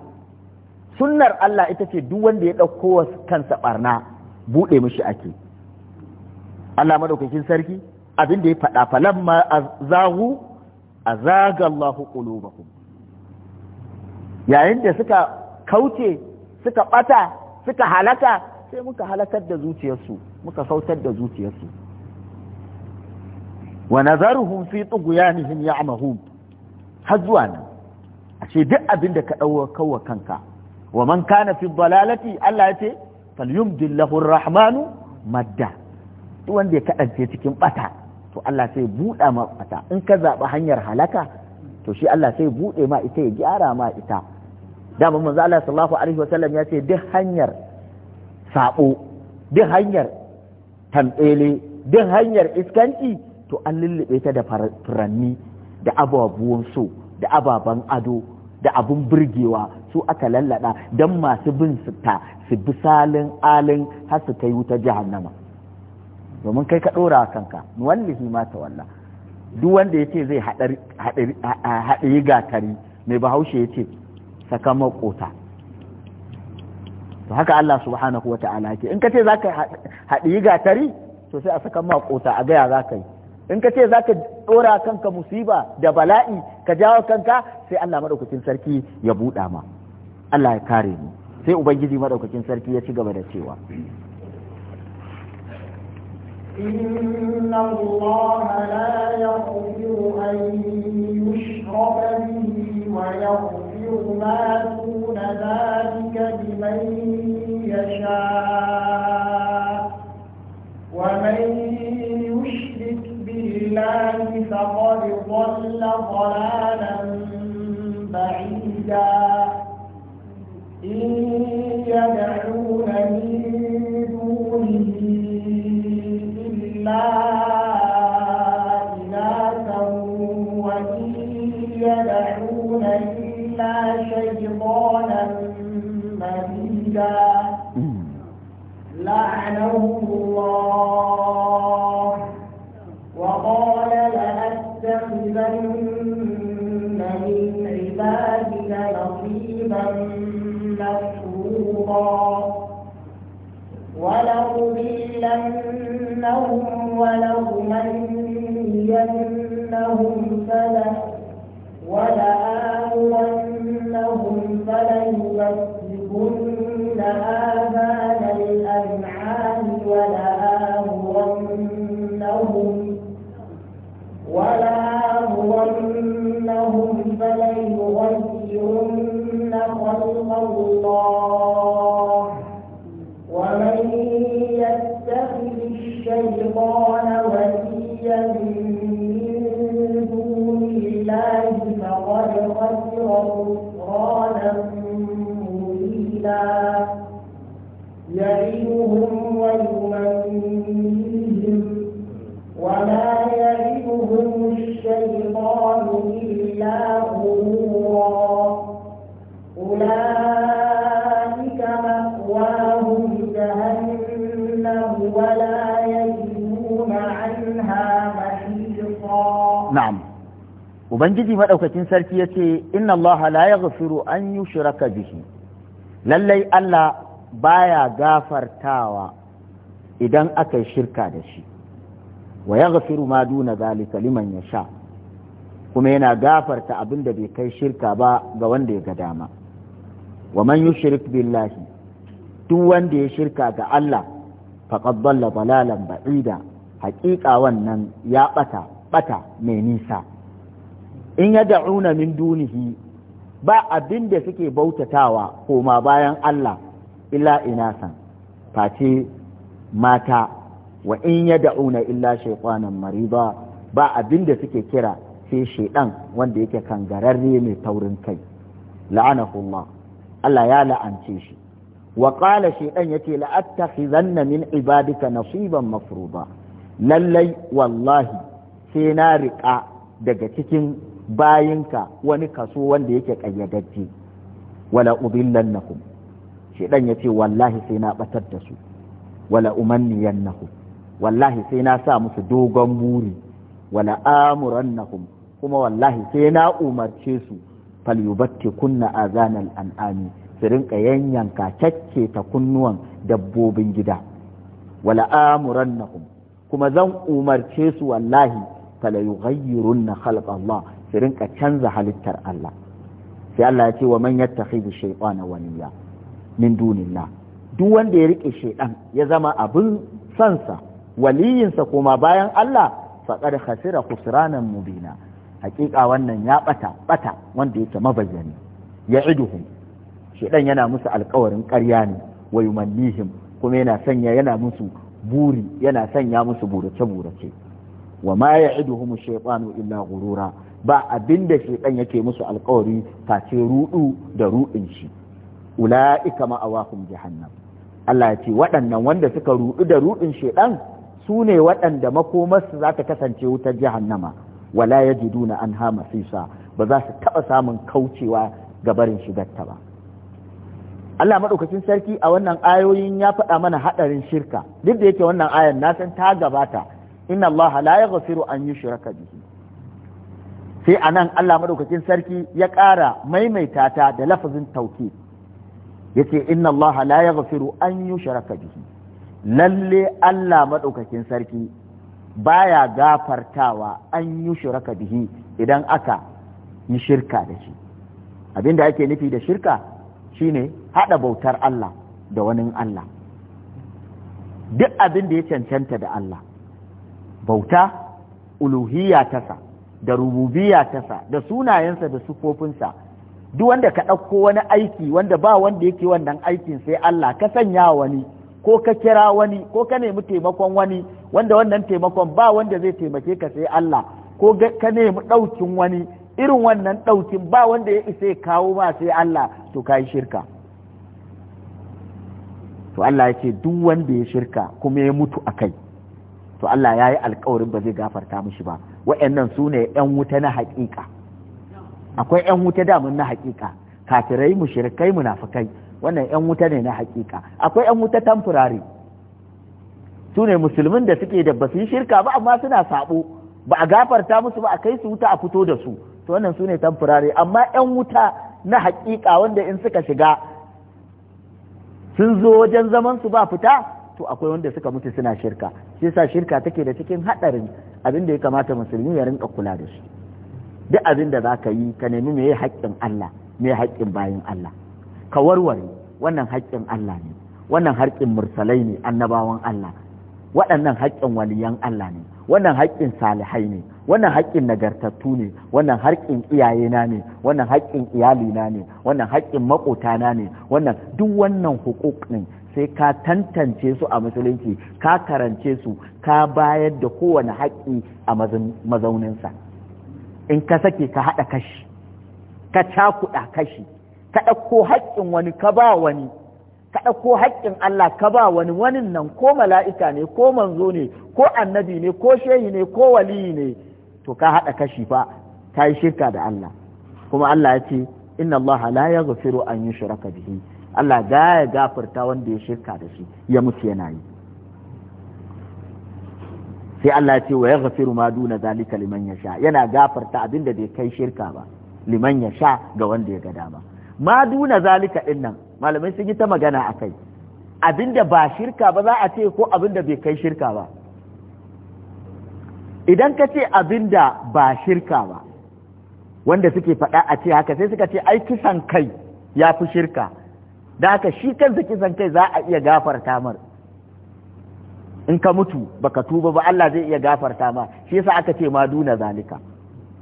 Speaker 1: sunnar Allah ita ce duk wanda ya ɗauko kansa barna buɗe mishi ake Allah madaukakin sarki abin da ya faɗa falamma azahu A zagalahu qulubahum yayin da suka kauce suka bata suka halaka sai muka halakar da zuciyarsu muka sautar da zuciyarsu wa nazaruhum fi tughyanihim ya'mahun har zuwa nan ashe duk abin da ka dawo kawwa kanka wa man kana fi dalalati Allah ya ce falyumdillahu rahmanu madda duk wanda ya kadance cikin bata to Allah sai buɗa ma ita in ka zaɓi hanyar halaka to shi Allah sai buɗe ma ita ya gyara ma ita dama manzo Allah sallallahu alaihi wa sallam ya ce duk hanyar sabo duk hanyar tambele duk hanyar iskanci to an lullube ta da furanni da ababuwan so da ababan ado da abun burgewa su aka lallada don masu bin su ta su bi salin alin har su kai wuta jahannama domin kai ka ɗora kanka wallahi ma ta walla duk wanda ya ce zai haɗari gatari mai bahaushe ya ce sakamar ƙota to haka Allah subhanahu wa ta'ala ke in ka ce za ka haɗi gatari to sai a sakamar ƙota a gaya za ka yi in ka ce za ka ɗora kanka musiba da bala'i ka jawo kanka sai Allah maɗaukakin sarki ya buɗa ma Allah ya kare mu sai Ubangiji maɗaukakin sarki ya ci gaba da cewa
Speaker 2: إن الله لا يغفر أن يشرك به ويغفر ما دون ذلك لمن يشاء ومن يشرك بالله فقد ضل ضلالا بعيدا إن يدعون من دونه إلا إناثا وإن يدعون إلا شيطانا مريدا لعنه الله وقال لأتخذن من عبادك نصيبا مفروضا ولو بي لنهدينهم ولنمنينهم فلا ولآمرنهم فليمسكن آذان الأنعام ولآمرنهم ولآمرنهم فليغيرن خلق الله
Speaker 1: ubangiji maɗaukakin sarki ce, inna Allah la gafiru, an yi shiraka bihi lallai Allah baya gafartawa idan aka yi shirka da shi wa gafiru ma duna zalika liman sha? kuma yana gafarta abin da bai kai shirka ba ga wanda ya ga dama wa man yushrik billahi duk wanda ya shirka ga Allah faqad balalan dalalan ba'ida haƙiƙa wannan ya ɓata-ɓata mai nisa in ya da'una min dunihi ba abin da suke bautatawa koma bayan Allah illa inasan face mata wa in ya da'una illa shaikwanan mariba ba abin da suke kira sai shaidan wanda yake kan gararre mai taurin kai la'anahullah Allah ya la'ance shi wa qala shaidan yace la'attakhizanna min ibadika nasiban mafruba lallai wallahi sai na riƙa daga cikin bayinka wani kaso wanda yake ƙayyadajje wala udillannakum ya yace wallahi sai na batar da su wala umanniyannahum wallahi sai na sa musu dogon buri wala amuran amurannahum kuma wallahi sai na umarce su falyubatti kunna azanal an'ami su rinka yanyanka cakke ta kunnuwan dabbobin gida wala amurannahum kuma zan umarce su wallahi fala yughayyirunna khalqa Allah su rinka canza halittar Allah sai Allah ya ce wa man yattakhidhu shaytana waliya min dunillah duk wanda ya rike shaytan ya zama abin sansa waliyinsa kuma bayan Allah faqad khasira khusranan mubina hakika wannan ya bata bata wanda yake mabayyani ya'iduhum shaytan yana musu alkawarin ƙarya ne wa yumannihim kuma yana sanya yana musu buri yana sanya musu burace burace wa ma ya'iduhum shaytanu illa ghurura ba abin da shaitan yake musu alkawari face rudu da rudin shi ula'ika ma'awahum jahannam Allah ya ce waɗannan wanda suka rudu da rudin shaitan su ne waɗanda makomarsu za ta kasance wutar jahannama wala ya duna an hama sisa ba za su taɓa samun kaucewa ga barin shigarta ba Allah maɗaukacin sarki a wannan ayoyin ya faɗa mana haɗarin shirka duk da yake wannan ayan na san ta gabata inna Allah la yaghfiru an yushraka bihi sai a nan Allah madaukakin sarki ya ƙara maimaita ta da lafazin tauki yace inna Allah la yaghfiru an yushraka bihi lalle Allah madaukakin sarki baya gafartawa an yushraka bihi idan aka yi shirka da shi abinda ake nufi da shirka shine hada bautar Allah da wani Allah duk abin da ya cancanta da Allah bauta uluhiyya tasa da rububiya tasa da sunayensa da sufofinsa duk wanda ka ɗauko wani aiki wanda ba wanda yake wannan aikin sai Allah ka sanya wani ko ka kira wani ko ka nemi taimakon wani wanda wannan taimakon ba wanda zai taimake ka sai Allah ko ka nemi ɗaukin wani irin wannan ɗaukin ba wanda ya isa ya kawo ma sai Allah to ka yi shirka to Allah ya ce duk wanda ya shirka kuma ya mutu a kai to Allah ya yi alkawarin ba zai gafarta mishi ba waɗannan su ne 'yan wuta na haƙiƙa akwai 'yan wuta damun na haƙiƙa kafirai mushrikai munafikai wannan 'yan wuta ne na haƙiƙa akwai 'yan wuta tamfurari su ne musulmin da suke da basu yi shirka ba amma suna saɓo. ba a gafarta musu ba a kai su wuta a fito da su to wannan su ne tamfurari amma 'yan wuta na haƙiƙa wanda in suka shiga sun zo wajen zaman su ba fita to akwai wanda suka mutu suna shirka shi yasa shirka take da cikin hadarin abin da ya kamata musulmi ya rinka kula da shi duk abin da zaka yi ka nemi me haƙƙin Allah me haƙƙin bayin Allah ka warware wannan haƙƙin Allah ne wannan haƙƙin mursalai ne annabawan Allah waɗannan haƙƙin waliyan Allah ne wannan haƙƙin salihai ne wannan haƙƙin nagartattu ne wannan haƙƙin iyayena ne wannan haƙƙin iyalina ne wannan haƙƙin maƙotana ne wannan duk wannan hukuk sai ka tantance su a musulunci ka karance su ka bayar da kowane haƙƙi a mazauninsa in ka sake ka haɗa kashi ka cakuɗa kashi ka ɗauko haƙƙin wani ka ba wani ka ɗauko haƙƙin Allah ka ba wani wanin nan ko mala'ika ne ko manzo ne ko annabi ne ko shehi ne ko waliyi ne to ka haɗa kashi fa ka yi shirka da Allah kuma Allah ya ce inna Allah la yaghfiru an yushraka bihi Allah ga ya gafarta wanda ya shirka da shi ya mutu yana yi sai Allah ya ce wa yaghfiru ma duna zalika liman yasha yana gafarta abinda da bai kai shirka ba liman yasha ga wanda ya ga dama ma duna zalika din nan malamai sun yi ta magana akai abin da ba shirka ba za a ce ko abin bai kai shirka ba idan ka ce abin ba shirka ba wanda suke faɗa a ce haka sai suka ce ai kisan kai ya fi shirka da haka shi kansa kisan kai za a iya gafarta mar in ka mutu baka tuba ba Allah zai iya gafarta ma shi yasa aka ce ma duna zalika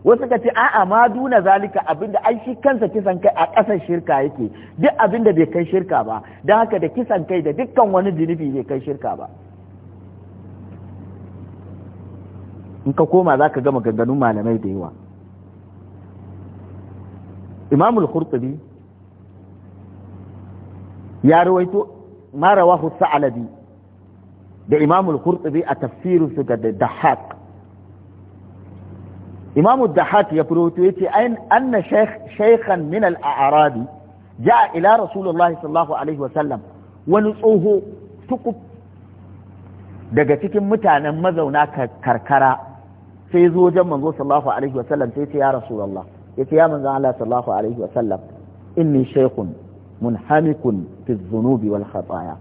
Speaker 1: wasu ka ce a'a ma duna zalika abinda ai shi kansa kisan kai a ƙasar shirka yake duk abinda bai kai shirka ba don haka da kisan kai da dukkan wani zunubi bai kai shirka ba in ka koma za ka gama ganganun malamai da yawa imamul qurtubi ya rawaito ma rawahu sa'alabi da imam al-qurtubi a tafsirinsu su ga dahaq imam dahaq ya fito yace ayin anna shaykh shaykhan min al-a'rabi ja'a ila rasulullahi sallallahu alaihi wa sallam wani tsoho tukub daga cikin mutanen mazauna karkara sai zo wajen manzo sallallahu alaihi wa sallam sai ce ya rasulullah yace ya manzo Allah sallallahu alaihi wa sallam inni shaykhun munhamikun fi zunubi wal khataya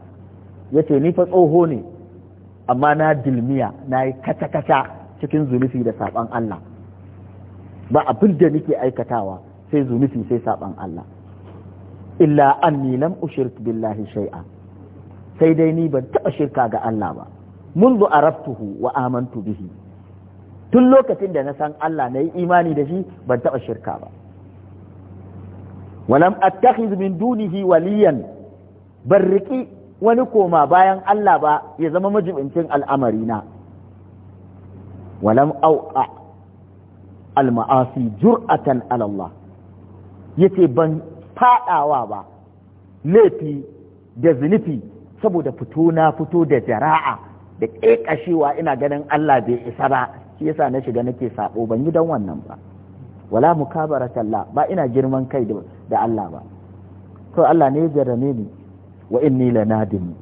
Speaker 1: yace ni fa tsoho ne amma na dilmiya na yi kata-kata cikin zunufi da saban Allah ba abin da nake aikatawa sai zunufi sai saban Allah illa anni lam ushrik billahi shay'a sai dai ni ban taɓa shirka ga Allah ba منذ عرفته وآمنت bihi tun lokacin da na san Allah na yi imani da shi ban taɓa shirka ba walam attakhidh min dunihi waliyan barriki wani koma bayan Allah ba ya zama majibincin al'amarina walam au'a al-ma'asi jur'atan ala Allah yace ban faɗawa ba laifi da zunufi saboda fito na fito da jara'a da ƙeƙashewa ina ganin Allah bai isa ba shi yasa na shiga nake sabo ban yi dan wannan ba wala mukabaratan la ba ina girman kai da da Allah ba to Allah ne jarrame ni wa inni lanadim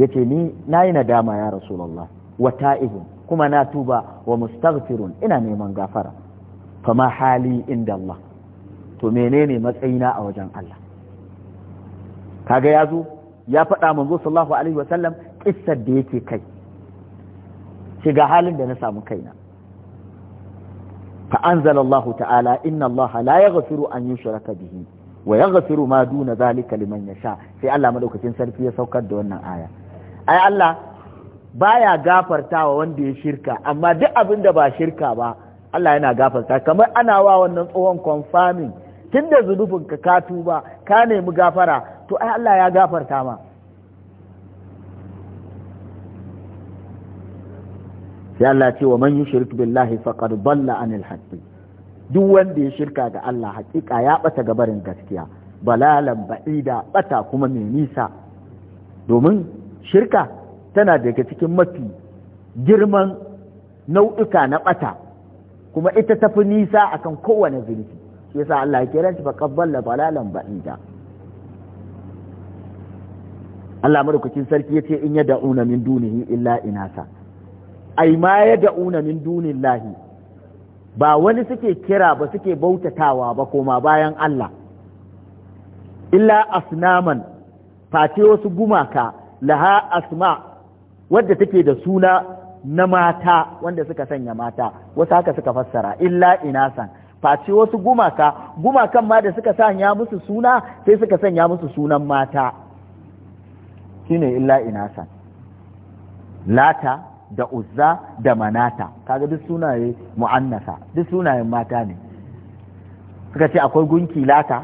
Speaker 1: yace ni nayi nadama ya rasulullah wa ta'ibun kuma na tuba wa mustaghfirun ina neman gafara fama hali inda Allah to menene matsayina a wajen Allah kaga ya zo ya faɗa manzo sallallahu alaihi wasallam kissar da yake kai shiga halin da na samu kaina fa anzalallahu ta'ala inna allaha la yaghfiru an yushraka bihi wa yaghfiru ma duna zalika ya sha sai Allah madaukakin sarki ya saukar da wannan aya ai Allah baya gafartawa wanda ya shirka amma duk abin da ba shirka ba Allah yana gafarta kamar ana wa wannan tsohon confirming tunda zunubin ka ka ba ka nemi gafara to Allah ya gafarta ma sai Allah ce wa man yushrik billahi faqad dalla anil haqqi duk wanda ya shirka ga Allah hakika ya bata barin gaskiya balalan ba'ida bata kuma mai nisa domin shirka tana daga cikin mafi girman nau'uka na bata kuma ita tafi nisa akan kowane zunubi shi yasa Allah ya kira shi faqad dalla balalan ba'ida Allah madaukakin sarki ya ce in yad'una min dunihi illa inasa ai ma ya da'una min dunin lahi. ba wani suke kira ba suke bautatawa ba koma bayan Allah illa asnaman face wasu gumaka laha asma wadda take da suna na mata wanda suka sanya mata wasu haka suka fassara illa inasan face wasu gumaka gumakan ma da suka sanya musu suna sai suka sanya musu sunan mata shine illa inasan lata da uzza da manata kaga duk sunaye mu'annasa duk sunayen mata ne suka ce akwai gunki lata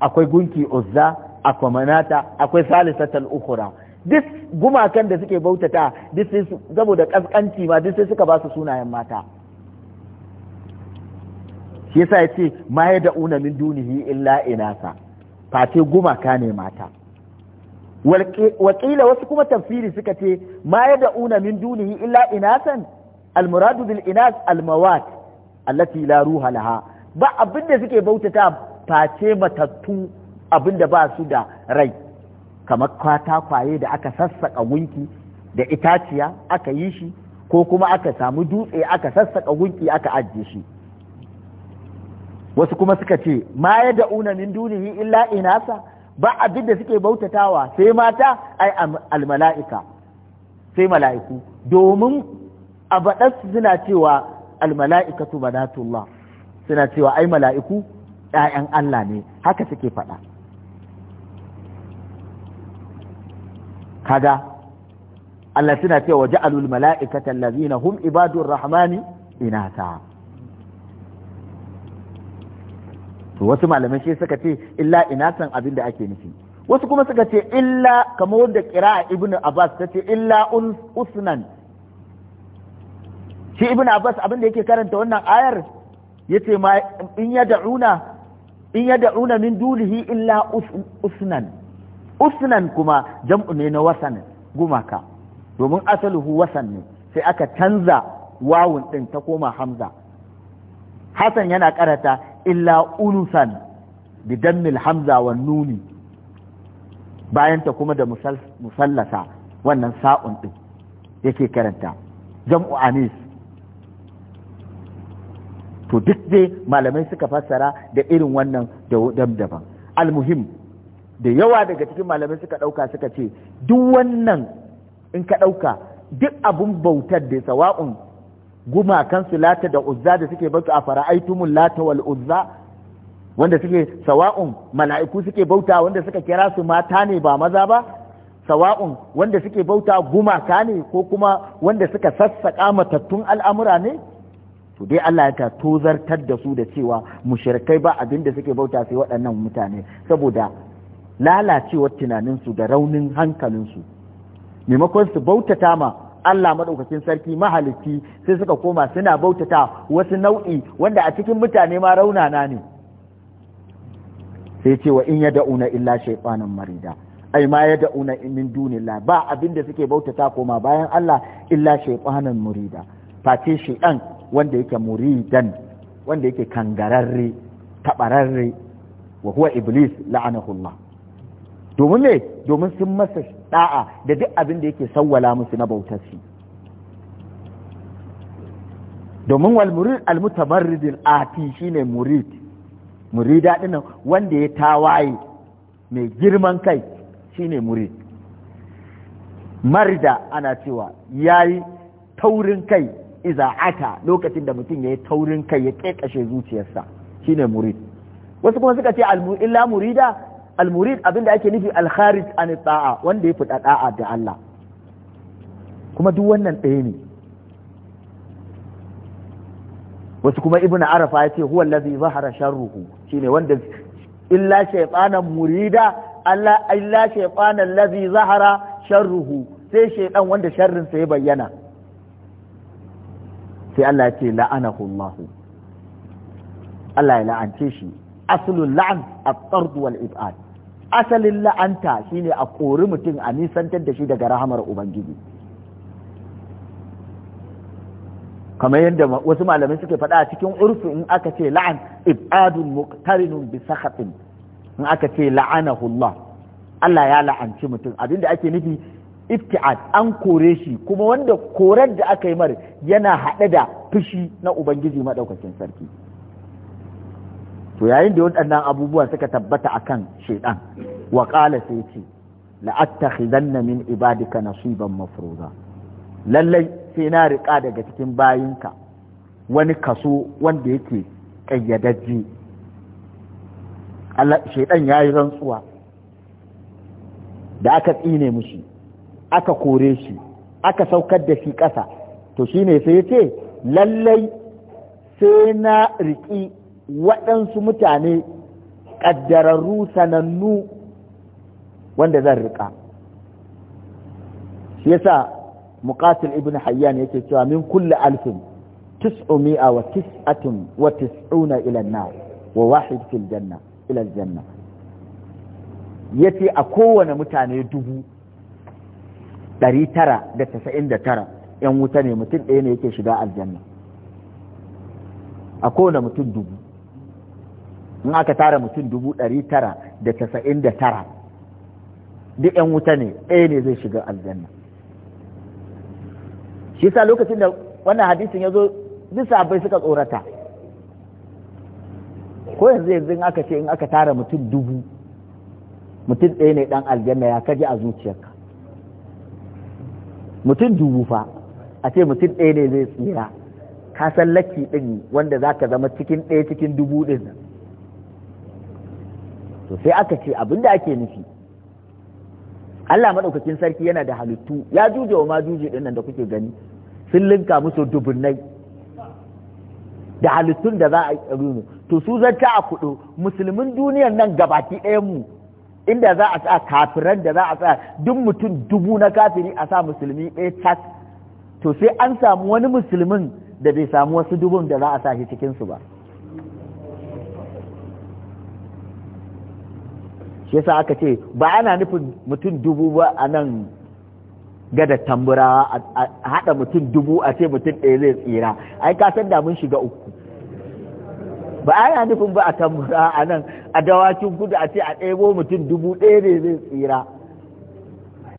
Speaker 1: akwai gunki uzza akwai manata akwai salisatul ukhra duk gumakan da suke bautata duk sai da kaskanci ma duk sai suka ba su sunayen mata shi yasa yace ma da da'una min dunihi illa inasa face gumaka ne mata wakila wasu kuma tafsiri suka ce ma ya da'una min dunihi illa inasan almuradu bil inas almawat allati la ruha laha ba abinda suke bautata face matattu abinda ba su da rai kamar kwaye da aka sassaka gunki da itaciya aka yi shi ko kuma aka samu dutse aka sassaka gunki aka ajiye shi wasu kuma suka ce ma ya da'una min dunihi illa inasa ba abin da suke bautatawa sai mata ai almala'ika sai mala'iku domin a baɗansu suna cewa almala'ikatu banatullah suna cewa ai mala'iku ‘ya'yan Allah ne haka suke faɗa kaga Allah suna cewa ja'alul mala'ikata allazina hum ibadur rahmani inata to wasu malamai shi suka ce illa ina san abin da ake nufi wasu kuma suka ce illa kamar wanda a ibnu abbas ta ce illa usnan shi ibnu abbas abin da yake karanta wannan ayar yace ma in da'una in da'una min dulihi illa usnan usnan kuma jam'u ne na wasan gumaka domin asaluhu wasan ne sai aka canza wawun din ta koma hamza hasan yana karata illa ulusan bi dammil hamza nuni bayanta kuma da musallasa wannan sa'un ɗin yake karanta jam'u anis to duk dai malamai suka fassara da irin wannan da daban almuhim da yawa daga cikin malamai suka ɗauka suka ce duk wannan in ka ɗauka duk abun bautar da sawa'un gumakansu lata da uzza da suke bauta a fara'aitumul lata wal uzza wanda suke sawa'un mala'iku suke bauta wanda suka kira su mata ne ba maza ba sawa'un wanda suke bauta gumaka ne ko kuma wanda suka sassaƙa matattun al'amura ne to dai Allah ya tozartar da su da cewa mushrikai ba abin da suke bauta sai waɗannan mutane saboda lalacewar tunaninsu da raunin hankalinsu maimakon su bautata ma Allah madaukakin sarki mahalicci sai suka koma suna bautata wasu nau'i wanda a cikin mutane ma raunana ne sai ce wa in da'una illa shaytanan marida ai ma ya da'una min dunilla ba abin da suke bautata koma bayan Allah illa shaytanan murida face dan wanda yake muridan wanda yake kangararre tabararre wa huwa iblis la'anahu Allah domin ne domin sun masa da'a da duk abin da yake sawwala musu na bautar shi domin wal murid al ati shine murid murida din wanda ya tawaye mai girman kai shine murid marida ana cewa yayi taurin kai iza ata lokacin da mutum yayi taurin kai ya kekashe zuciyarsa shine murid wasu kuma suka ce al murida al-murid abinda ake nufi al-kharij an ta'a wanda ya fita da'a da Allah kuma duk wannan ɗaya ne wasu kuma ibnu arafa yace huwa allazi zahara sharruhu shine wanda illa shaytanan murida Allah illa shaytanan allazi zahara sharruhu sai shaydan wanda sharrin sa ya bayyana sai Allah ya ce la'anahu Allah Allah ya la'ance shi aslul la'an at-tard wal ib'ad asalin la'anta shine a kori mutum a nisantar da shi daga rahamar ubangiji kamar yadda wasu malamai suke faɗa a cikin urfi in aka ce la'an ibadun muqtarinun bi sakhatin in aka ce la'anahu Allah Allah ya la'anci mutum abinda ake nufi ibti'ad an kore shi kuma wanda korar da aka yi mar yana haɗe da fushi na ubangiji madaukakin sarki to yayin da waɗannan abubuwa suka tabbata kan shaidan wa ƙala sai ce la'attakhidanna min ibadika nasiban mafruza lallai sai na riƙa daga cikin bayinka wani kaso wanda yake ƙayyadajje Shaiɗan ya yi rantsuwa da aka tsine mushi aka kore shi aka saukar da shi ƙasa to shine sai ya ce lallai sai na riƙi waɗansu mutane ƙaddararru sanannu wanda zan riƙa shi yasa muqatil ibn hayyan yake cewa min kulli alfin tis'umi'a wa tis'atun wa tis'una ila an-nar wa wahid fil janna ila al-janna yace a kowane mutane dubu ɗari tara da tasa'in da tara ‘yan wuta ne mutum ɗaya ne yake shiga aljanna a kowane mutum dubu in aka tara mutum dubu ɗari tara da casa'in da tara duk 'yan wuta ne ɗaya ne zai shiga aljanna shi sa lokacin da wannan hadisin ya zo bisa abai suka tsorata ko yanzu yanzu in aka ce in aka tara mutum dubu mutum ɗaya ne ɗan aljanna ya kaji a zuciyarka mutum dubu fa a ce mutum ɗaya ne zai tsira ka san laki ɗin wanda za ka zama cikin ɗaya cikin dubu ɗin nan to sai aka ce abin da ake nufi Allah maɗaukakin sarki yana da halittu ya juje wa majuji din nan da kuke gani sun linka musu dubunnai da halittun da za a yi to su zanta a kudu musulmin duniyar nan gabaki ɗayan mu inda za a sa kafiran da za a sa duk mutum dubu na kafiri a sa musulmi ɗaya tas to sai an samu wani musulmin da bai samu wasu dubun da za a sa shi cikinsu ba shi yasa aka ce ba ana nufin mutum dubu ba a nan gada tamburawa a haɗa mutum dubu a ce mutum ɗaya zai tsira ai ka san da mun shiga uku ba ana nufin ba a tamburawa a nan a dawakin gudu a ce a ɗebo mutum dubu ɗaya ne zai tsira